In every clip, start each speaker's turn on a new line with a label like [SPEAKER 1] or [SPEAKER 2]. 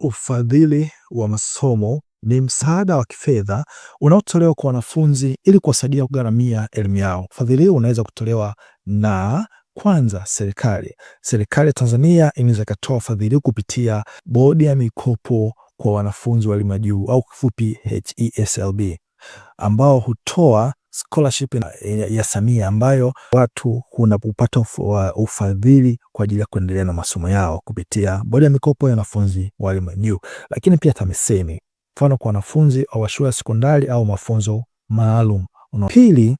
[SPEAKER 1] Ufadhili wa masomo ni msaada wa kifedha unaotolewa kwa wanafunzi ili kuwasaidia kugharamia elimu yao. Ufadhili huu unaweza kutolewa na kwanza, serikali. Serikali ya Tanzania inaweza ikatoa ufadhili kupitia bodi ya mikopo kwa wanafunzi wa elimu ya juu au kifupi HESLB, ambao hutoa scholarship eh, ya, ya Samia ambayo watu wanapata ufadhili kwa ajili ya kuendelea na masomo yao kupitia bodi ya mikopo ya wanafunzi wa elimu juu, lakini pia TAMISEMI, mfano kwa wanafunzi wa shule ya sekondari au mafunzo maalum. Pili,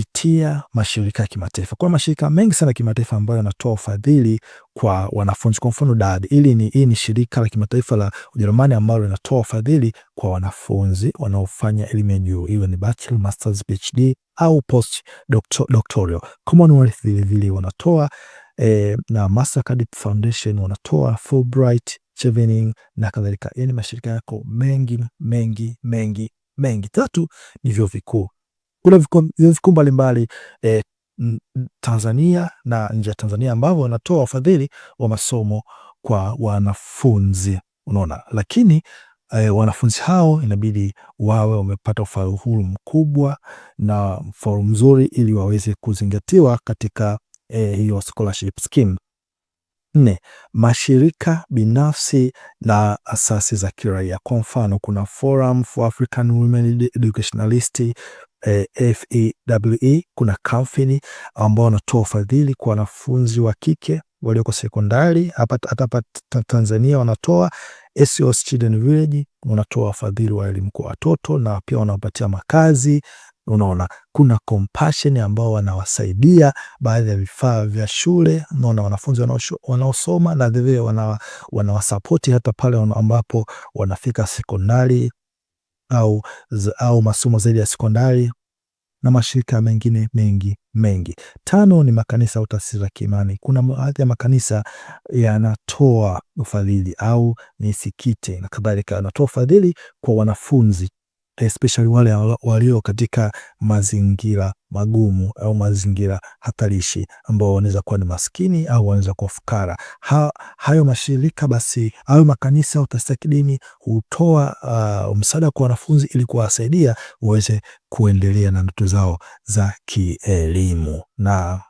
[SPEAKER 1] kupitia mashirika ya kimataifa. Kuna mashirika mengi sana ya kimataifa ambayo yanatoa ufadhili kwa wanafunzi. Kwa mfano DAD, hili ni hii ni shirika la kimataifa la Ujerumani ambalo linatoa ufadhili kwa wanafunzi wanaofanya elimu ya juu, iwe ni bachelor, masters, PhD au post doctoral. Commonwealth vilevile wanatoa eh, na Mastercard Foundation wanatoa, Fulbright Chevening na kadhalika. Yani mashirika yako mengi mengi mengi mengi. Tatu ni vyuo vikuu kuna vikuu mbalimbali eh, Tanzania na nje ya Tanzania ambavyo wanatoa wafadhili wa masomo kwa wanafunzi, unaona. Lakini eh, wanafunzi hao inabidi wawe wamepata ufaulu mkubwa na mfaulu mzuri ili waweze kuzingatiwa katika eh, hiyo scholarship scheme. Nne, mashirika binafsi na asasi za kiraia. Kwa mfano, kuna Forum for African Women Educationalists, eh, FEWE. E, kuna kampeni ambao wanatoa ufadhili kwa wanafunzi wa kike walioko sekondari hapa hapa Tanzania, wanatoa SOS Children e Village, wanatoa ufadhili wa elimu kwa watoto na pia wanawapatia makazi. Unaona, kuna Compassion ambao wanawasaidia baadhi ya vifaa vya shule, unaona wanafunzi wanaosoma na vilevile wanawasapoti hata pale ambapo wanafika sekondari au, au masomo zaidi ya sekondari na mashirika mengine mengi mengi. Tano ni makanisa au taasisi za kiimani. Kuna baadhi ya makanisa yanatoa ufadhili au misikiti na kadhalika, yanatoa ufadhili kwa wanafunzi especially wale walio katika mazingira magumu au mazingira hatarishi ambao wanaweza kuwa ni maskini au wanaweza kuwa fukara. Ha, hayo mashirika basi, hayo makanisa au taasisi za kidini hutoa uh, msaada kwa wanafunzi ili kuwasaidia waweze kuendelea na ndoto zao za kielimu na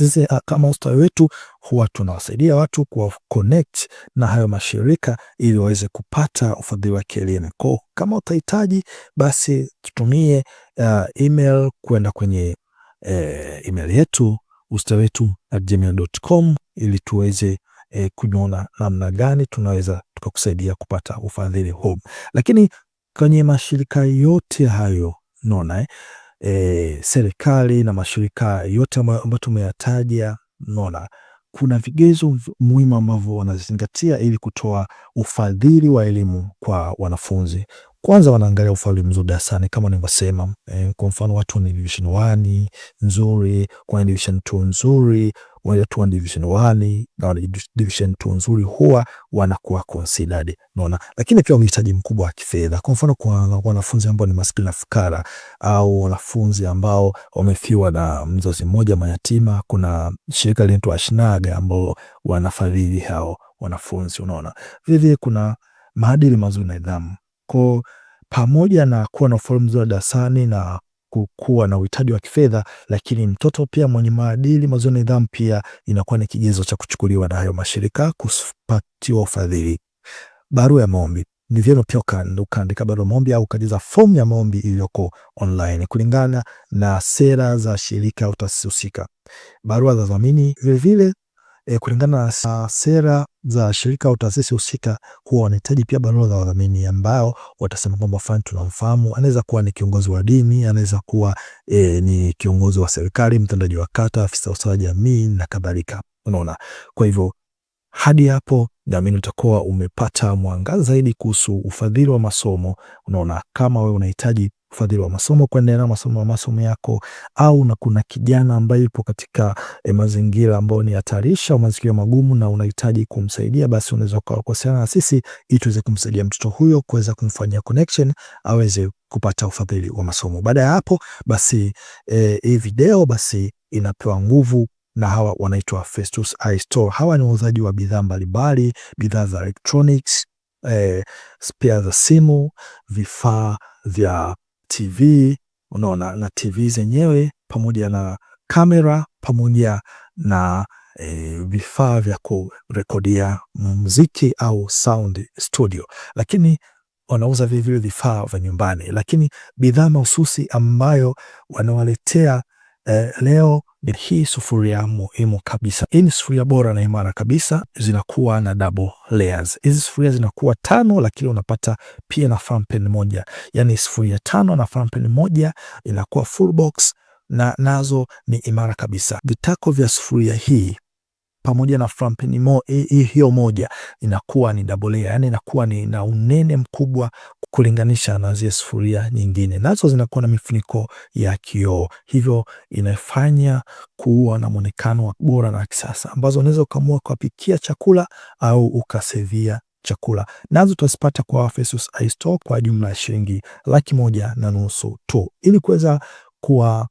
[SPEAKER 1] sisi ah, kama ustawi wetu huwa tunawasaidia watu kuwa connect na hayo mashirika ili waweze kupata ufadhili wa kielimu. Kwa kama utahitaji basi tutumie uh, email kwenda kwenye uh, email yetu ustawi wetu gmail.com ili tuweze E, eh, kunyona namna gani tunaweza tukakusaidia kupata ufadhili huu, lakini kwenye mashirika yote hayo naona eh, e, serikali na mashirika yote ambayo tumeyataja, naona kuna vigezo muhimu ambavyo wanazingatia ili kutoa ufadhili wa elimu kwa wanafunzi. Kwanza wanaangalia ufadhili mzuri darasani kama nilivyosema, e, kwa mfano watu wenye division nzuri, kwa division 2 nzuri watu wa division 1 na wana division 2 nzuri huwa wanakuwa considered, unaona. Lakini pia unahitaji mkubwa wa kifedha. Kwa mfano, kwa wanafunzi ambao ni maskini na fukara au wanafunzi ambao wamefiwa na mzazi mmoja mayatima, kuna shirika linaitwa Ashnaga ambao wanafadhili hao wanafunzi, unaona. Vile kuna maadili mazuri na nidhamu. Kwa pamoja na kuwa na form nzuri darasani na kuwa na uhitaji wa kifedha, lakini mtoto pia mwenye maadili mazuri, nidhamu, pia inakuwa ni kigezo cha kuchukuliwa na hayo mashirika kupatiwa ufadhili. Barua ya maombi ni vyema pia ukaandika barua maombi au ukajaza fomu ya maombi iliyoko online kulingana na sera za shirika au taasisi husika. Barua za dhamini vilevile e, kulingana na sera za shirika au taasisi husika, huwa wanahitaji pia barua za wadhamini ambao watasema kwamba fulani tunamfahamu. Anaweza kuwa ni kiongozi wa dini, anaweza kuwa e, ni kiongozi wa serikali, mtendaji wa kata, afisa ustawi jamii na kadhalika. Unaona, kwa hivyo hadi hapo naamini utakuwa umepata mwangaza zaidi kuhusu ufadhili wa masomo. Unaona, kama wewe unahitaji ufadhili wa masomo, kuendelea masomo ya masomo yako, au na kuna kijana ambaye yupo katika e, mazingira ambayo ni hatarisha au mazingira magumu na unahitaji kumsaidia, basi unaweza kuwasiliana na sisi ili tuweze kumsaidia mtoto huyo kuweza kumfanyia connection aweze kupata ufadhili wa masomo. Baada ya hapo basi eh, hii video basi inapewa nguvu na hawa wanaitwa Festus iStore. Hawa ni wauzaji wa bidhaa mbalimbali, bidhaa za electronics, eh, spare za simu, vifaa vya TV, unaona, na TV zenyewe pamoja na kamera pamoja na e, vifaa vya kurekodia muziki au sound studio, lakini wanauza vile vifaa vya nyumbani, lakini bidhaa mahususi ambayo wanawaletea e, leo hii sufuria muhimu kabisa. Hii ni sufuria bora na imara kabisa, zinakuwa na double layers. Hizi sufuria zinakuwa tano, lakini unapata pia na frampen moja, yani sufuria tano na frampen moja inakuwa full box na nazo ni imara kabisa. Vitako vya sufuria hii pamoja na frampen mo, hiyo moja inakuwa ni double layer, yani inakuwa ni na unene mkubwa kulinganisha na zile sufuria nyingine, nazo zinakuwa na mifuniko ya kioo, hivyo inafanya kuwa na mwonekano bora na kisasa, ambazo unaweza ukaamua kuwapikia chakula au ukasevia chakula nazo tutazipata kwa Festus iStore kwa jumla ya shilingi laki moja na nusu tu. Ili kuweza kuwa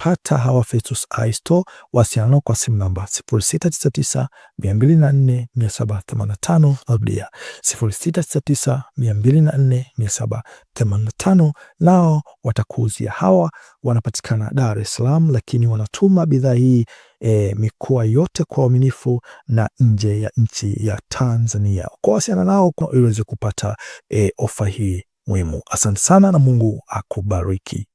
[SPEAKER 1] pata hawa Festus Aisto, wasiliana kwa simu namba 0699 204 0699 Nao watakuuzia. Hawa wanapatikana Dar es Salaam, lakini wanatuma bidhaa hii E, mikoa yote kwa uaminifu na nje ya nchi ya Tanzania. Kwa wasiana nao ili uweze kupata e, ofa hii muhimu. Asante sana na Mungu akubariki.